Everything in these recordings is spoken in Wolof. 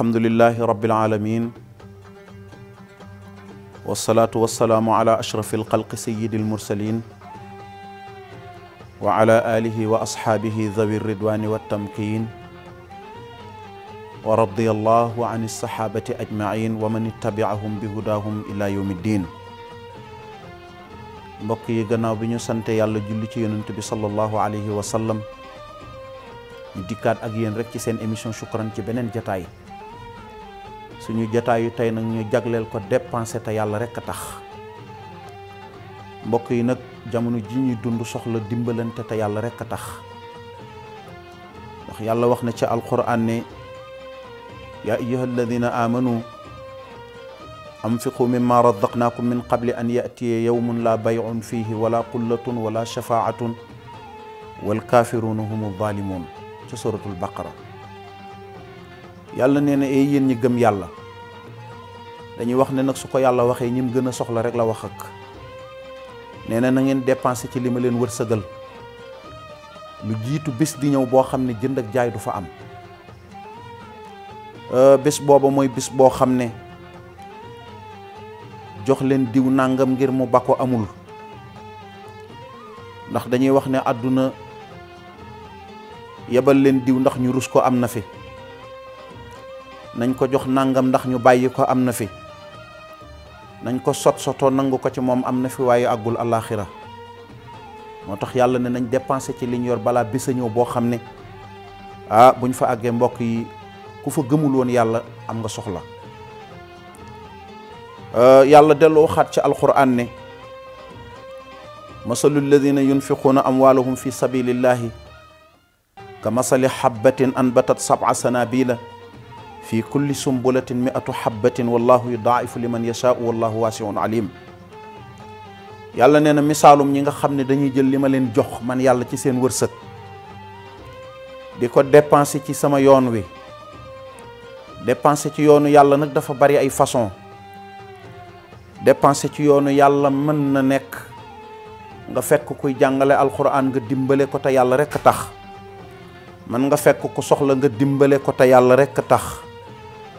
alhamdulilahi rabbil alamin wasalaatu wasalaamu ala ashrafi alxalqi sayidi almursalin wa ala alihi wa asxaabihi dhawi ridwani wattamkin wa radiya allahu an alsaxaabati ajmain wa man ittabiahum bi hudaahum ila yawmi ddin mbokk yi gannaaw bi ñu sante yàlla julli ci yonent bi sallallahu alayhi wa sallam ñu dikkaat ak yéen rek ci seen émission shukran ci beneen jataay suñu jataayu tey nag ñu jagleel ko dépensé te yàlla rek a tax mbokk yi nag jamono ji ñuy dund soxla dimbalante te yàlla rek a tax yàlla wax na ci alquran ne yaa ayyuha alladina amanu anfiqu mimma razaqnaakum min qabli an yatiya yawmun la bayun fii wala qullatun wala shafaatun walkaafiruuna humu zaalimuun ci suratul baqara yàlla nee na ay yéen ñi gëm yàlla dañuy wax ne nag su ko yàlla waxee ñim gën a soxla rek la wax ak nee na na ngeen dépensé ci li ma leen wërsëgal lu jiitu bés di ñëw boo xam ne jënd ak jaay du fa am euh, bés booba mooy bés boo xam ne jox leen diw nàngam ngir mu ba amul ndax dañuy wax ne àdduna yebal leen diw ndax ñu rus ko am na fi nañ ko jox nangam ndax ñu bàyyi ko am na fi nañ ko sot sotoo nangu ko ci moom am na fi waaye àggul àllaaxira moo tax yàlla ne nañ dépensé ci liñ balaa bis a ñëw boo xam ne ah buñ fa àggee mbokk yi ku fa gëmul woon yàlla am nga soxla euh, yàlla delloo xat ci alquran ne masalu lladina yunfiquuna amwaalahum fi sabilillahi ka masali xabbatin anbatat sab'a sanabila fi kulli sumbulatin miatu habbatin wallahu yudaifu liman yashaau wallahu waasiun alim yàlla nee na misaalum ñi nga xam ne dañuy jël li ma leen jox man yàlla ci seen wërsëg di ko dépensé ci sama yoon wi dépensé ci yoonu yàlla nag dafa bari ay façon dépensé ci yoonu yàlla mën na nekk nga fekk kuy jàngale alxuraan nga dimbale ko te yàlla rekk tax mën nga fekk ku soxla nga dimbale ko te yàlla rekk tax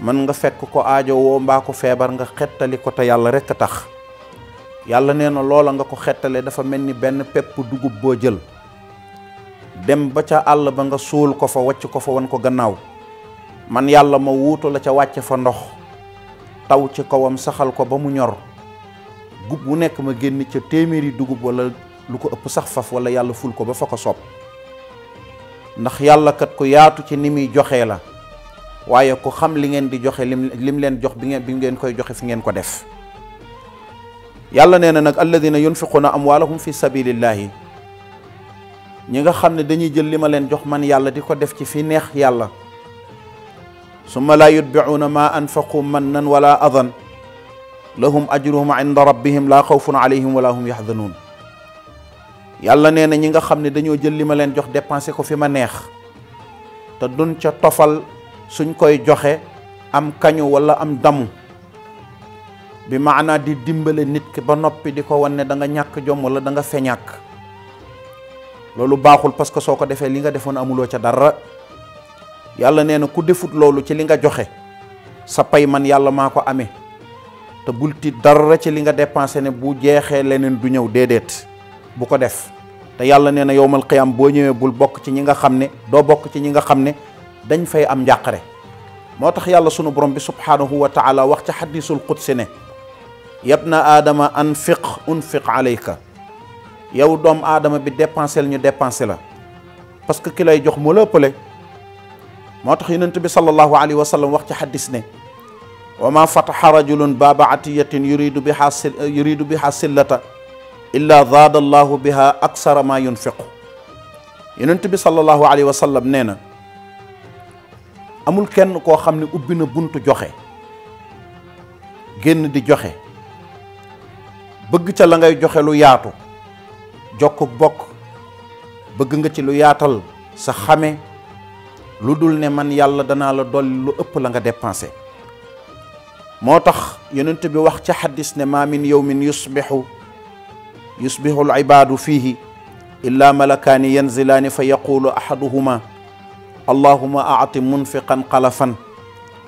man nga fekk ko aajo woo mbaa ko feebar nga xettali ko te yàlla rekk a tax yàlla nee na loola nga ko xettale dafa mel ni benn pepp dugub boo jël dem ba ca àll ba nga suul ko fa wàcc ko fa wan ko gannaaw man yàlla ma wuutu la ca wàcce fa ndox taw ci kawam saxal ko ba mu ñor gub wu nekk ma génn ca téeméeri dugub wala lu ko ëpp sax faf wala yàlla ful ko ba fa ko soob ndax yàlla kat ku yaatu ci ni muy joxe la waaye ko xam li ngeen di joxe lim lim leen jox bi ngeen bi ngeen koy joxe fi ngeen ko def yàlla nee na nag alladina yunfiquuna amwaalahum fi sabilillahi ñi nga xam ne dañuy jël li ma leen jox man yàlla di ko def ci fi neex yàlla summa laa yutbicuuna maa anfaqu mannan wala adan lahum ajruhum inda rabbihim laa xawfun alayhim wala hum yaxzanuun yàlla nee na ñi nga xam ne dañoo jël li ma leen jox dépensé ko fi ma neex te duñ ca tofal suñ koy joxee am kañu walla am damu bi maanaa di dimbalee nit ki ba noppi di ko wan ne da nga ñàkk jom walla da nga feñàkk loolu baaxul parce que soo ko defee li nga defoon amuloo ca dara yàlla nee na ku defut loolu ci li nga joxe sa pay man yàlla maa ko amee te bul tiit dara ci li nga dépensé ne bu jeexee leneen du ñëw déedéet bu ko def te yàlla nee na yowmal qiyaam boo ñëwee bul bokk ci ñi nga xam ne doo bokk ci ñi nga xam ne dañ fay am njàqare moo tax yàlla sunu borom bi subhaanahu wa taala wax ci xadisul qudsi ne yabna aadama anfiq unfiq alayka yow doom aadama bi dépensé ñu dépensé la parce que ki lay jox moo la ëppale moo tax yonent bi sallallahu alayhi wa sallam wax ci xadis ne wa ma fataxa rajulun baaba atiyatin yuridu biha yuridu biha sillata illa zaada allahu biha aksara ma yunfiqu yonent bi sallallahu alayhi wa sallam nee na amul kenn koo xam ne ubbi na buntu joxe génn di joxe bëgg ca la ngay joxe lu yaatu jokk bokk bëgg nga ci lu yaatal sa xame lu dul ne man yàlla danaa la dolli lu ëpp la nga dépensé moo tax yonent bi wax ci xaddis ne maa min yawmin yusbixu yusbixu al ibaadu fiihi illaa malakaani yanzilaani fa yaquulu ahaduhuma allahuma aati munfiqan xalafan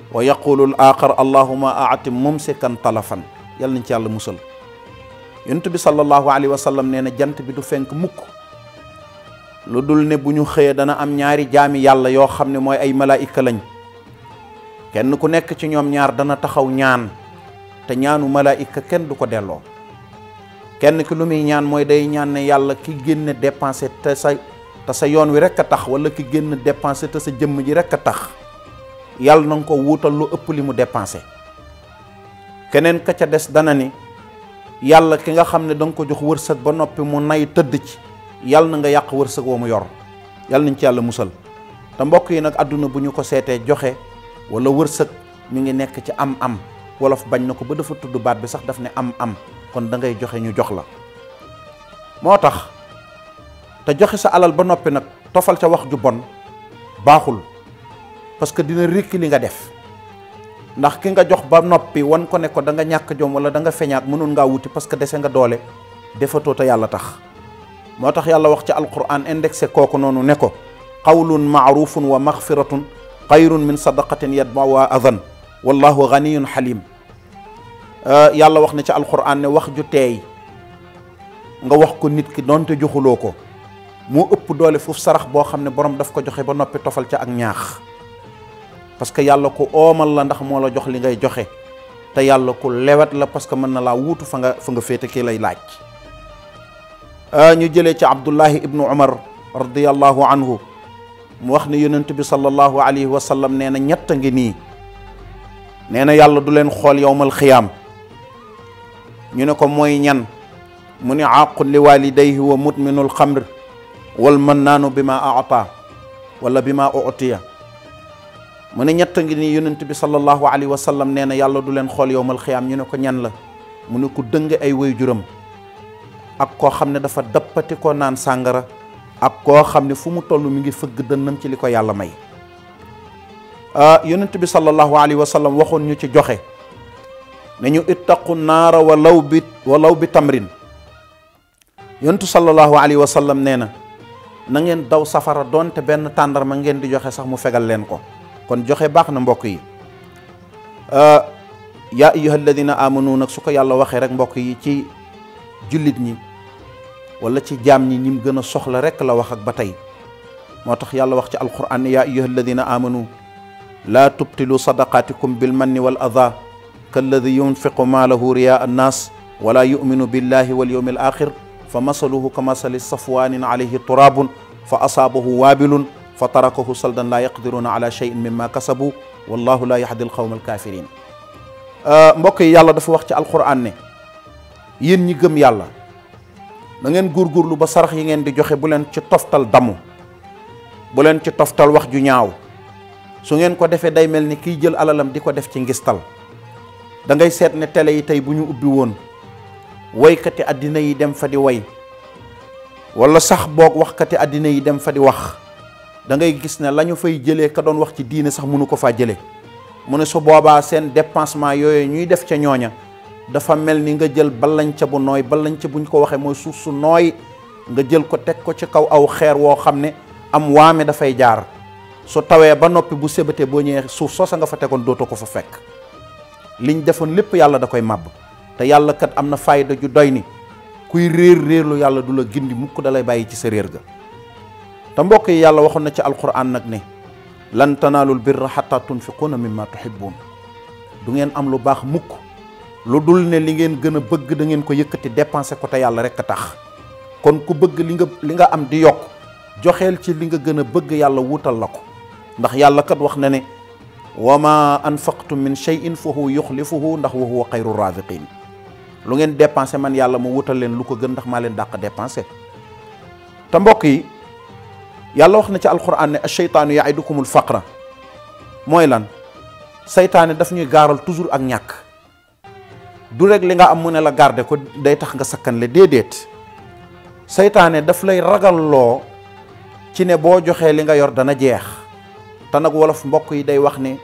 wa yaqulu l aaxar allahuma aati mumsikan talafan yal nañ ci yàlla musal yonent bi sallallahu alayhi wa sallam nee na jant bi du fenk mukk lu dul ne bu ñu xëyee dana am ñaari jaami yàlla yoo xam ne mooy ay malaayika lañ kenn ku nekk ci ñoom ñaar dana taxaw ñaan te ñaanu malaayika kenn du ko delloo kenn ki lu muy ñaan mooy day ñaan ne yàlla ki génne dépensé te sa te sa yoon wi rek a tax wala ki génn dépensé te sa jëmm ji rek a tax yàlla na nga ko wuutal lu ëpp li mu dépensé keneen ka ca des dana ni yàlla ki nga xam ne danga ko jox wërsëg ba noppi mu nay tëdd ci yàlla na nga yàq wërsëg woo mu yor yàlla nañ ci yàlla musal te mbokk yi nag àdduna bu ñu ko seetee joxe wala wërsëg mu ngi nekk ci am-am wolof bañ na ko ba dafa tudd baat bi sax daf ne am-am kon dangay joxe ñu jox la moo tax. te joxe sa alal ba noppi nag tofal ca wax ju bon baaxul parce que dina rékki li nga def ndax ki nga jox ba noppi wan ko nekko ko da nga ñàkk jom wala da nga feñaat mënoon ngaa wuti parce que dese nga doole defatoo te yàlla tax moo tax yàlla wax ci alquran indexé kooku noonu ne ko qawlun maarufun wa maxfiratun xayrun min sadaqatin yatbawaa adan wallahu ganiyun xalim euh, yàlla wax na ci alquran ne wax ju teey nga wax ko nit ki donte joxuloo ko mu ëpp doole foofu sarax boo xam ne boroom daf ko joxe ba noppi tofal ca ak ñaax parce que yàlla ku oomal la ndax moo la jox li ngay joxe te yàlla ku lewet la parce que mën na laa wuutu fa nga fa nga féete kii lay laaj euh, ñu jëlee ci abdullahi ibnu umar radiallahu anhu mu wax ne yonent bi sallallahu alayhi wa sallam nee na ñett a ngi nii nee na yàlla du leen xool yowmal xiyaam ñu ne ko mooy ñan mu ne aqul li walidayhi wa mudminul xamr wal man naanu bi ma ata wala bi ma utiya mu ne ñett ngi nii yonent bi sallallahu alayhi wa sallam nee na yàlla du leen xool yowmal xiyaam ñu ne ko ñan la mu ne ku dëng ay way waajuram ak koo xam ne dafa dappati ko naan sàngara ak koo xam ne fu mu toll mi ngi fëgg dënnam ci li ko yàlla may yonent bi sallallahu alayhi wa sallam waxoon ñu ci joxe ne ñu ittaqu naara walaw bi walaw bi tamrin yonentu sallallahu alayhi wa sallam nee na nangeen daw safara doonte benn tàndarma ngeen di joxe sax mu fegal leen ko kon joxe baax na mbokk yi euh, yaa ayyuha alladina amanu nag su ko yàlla waxee rek mbokk yi ci jullit ñi walla ci jaam ñi ñim gën a soxla rek la wax ak ba tey moo tax yàlla wax ci alquran yaa ayyuha alladina amanu laa tubtilu sadaqaatikum bil manni wal adaa kalladi yunfiqu maalahu riyaa annaas wala yuminu billahi wal yawmi al axir fa masaluhu ka masali safwanin alayhi turabun fa asaabahu waabilun fa tarakahu saldan laa yaqdiruna ala cheyin mimma kasabu wallahu laa yahdi alqawma alkafirin euh, mbokk yi yàlla dafa wax ci alquran ne yéen ñi gëm yàlla na ngeen góorgóorlu ba sarax yi ngeen di joxe bu leen ci toftal damu bu leen ci toftal wax ju ñaaw su ngeen ko defee day mel ni kii jël alalam di ko def ci ngistal dangay seet ne télé yi tey bu ñu ubbi woon waykati àddina yi dem fa di way wala sax boog waxkati àddina yi dem fa di wax dangay gis ne la ñu fay jëlee ka doon wax ci diine sax munu ko faa jëlee mu ne su boobaa seen dépensement yooyu ñuy def ca ñooña dafa mel ni nga jël balanca bu nooy balanca buñ ko waxee mooy suuf su nooy nga jël ko teg ko ci kaw aw xeer woo xam ne am waame dafay jaar su tawee ba noppi bu sébatee boo ñëwee suuf soo sa nga fa tegoon dootu ko fa fekk liñ defoon lépp yàlla da koy màbb te yàlla kat am na fayda ju doy ni kuy réer réerlu yàlla du la gindi mukk dalay bàyyi ci sa réer ga te mbokk yi yàlla waxoon na ci alquran nag ne lan tanaalul birra xataa tunfiquuna mimma tuhibbun du ngeen am lu baax mukk lu dul ne li ngeen gën a bëgg da ngeen ko yëkkati dépensé ko te yàlla rek a tax kon ku bëgg li nga li nga am di yokk joxeel ci li nga gën a bëgg yàlla wuutal la ko ndax yàlla kat wax na ne wa ma anfaqtum min shay'in fa huwa yuxlifuhu ndax wa huwa xayru lu ngeen dépensé man yàlla mu wutal leen lu ko gën ndax maa leen dàq dépensé te mbokk yi yàlla wax na ci alquran ne asheytaanu yaidukumul faqra mooy lan seytaane daf ñuy gaaral toujours ak ñàkk du rek li nga am mu ne la garde ko day tax nga sakkan le déedéet seytaane daf lay ragalloo ci ne boo joxee li nga yor dana jeex te nag wolof mbokk yi day wax ne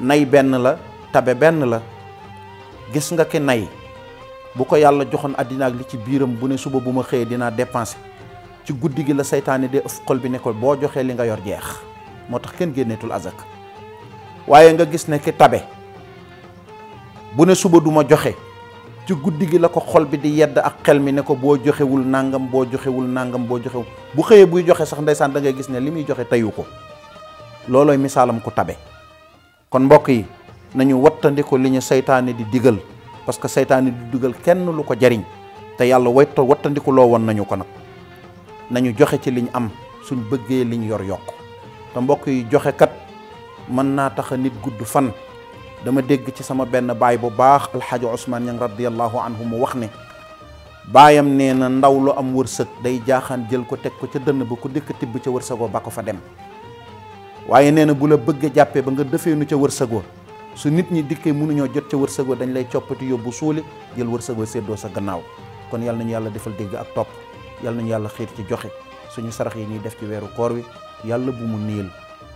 nay benn la tabe benn la gis nga ki nay bu ko yàlla joxoon àddinaa ak li ci biiram bu ne suba bu ma xëyee dinaa dépenser ci guddi gi la seytaane de ëf xol bi ne ko boo joxee li nga yor jeex moo tax kenn génneetul azak waaye nga gis ne bu ne suba du joxe ci guddi gi la ko xol bi di yedd ak xel mi ne ko boo joxewul nangam boo joxewul nangam boo joxewul bu xëyee buy joxe sax ndeysaan da gis ne li muy joxe teyu ko loolooy misaalam ku tabe kon mbokk yi nañu wattandi li ñu seytaane di digal parce que seytaane du dugal kenn lu ko jariñ te yàlla wayta wattandiku woon nañu ko nag nañu joxe ci liñ am suñ bëggee liñ yor yokk te mbokk yi joxe kat mën naa tax nit gudd fan dama dégg ci sama benn baay bu baax alxaaji Ousmane Ñang radiallahu anhu mu wax ne baayam nee na ndaw lu am wërsëg day jaaxaan jël ko teg ko ca dënn ba ku dikk tibb ca wërsëgoo ba ko fa dem waaye nee na bu la bëgg jàppee ba nga defee nu ca wërsëgoo su nit ñi dikkee mënuñoo jot ca wërsëg wa dañ lay coppati yóbbu suuli jël wërsëg wa séddoo sa gannaaw kon yàlla nañu yàlla defal dégg ak topp yàlla nañu yàlla xiir ci joxe suñu sarax yi ñuy def ci weeru koor wi yàlla bu mu niil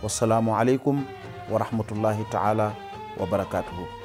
wasalaamu aleykum wa rahmatullahi taala wa barakaatuhu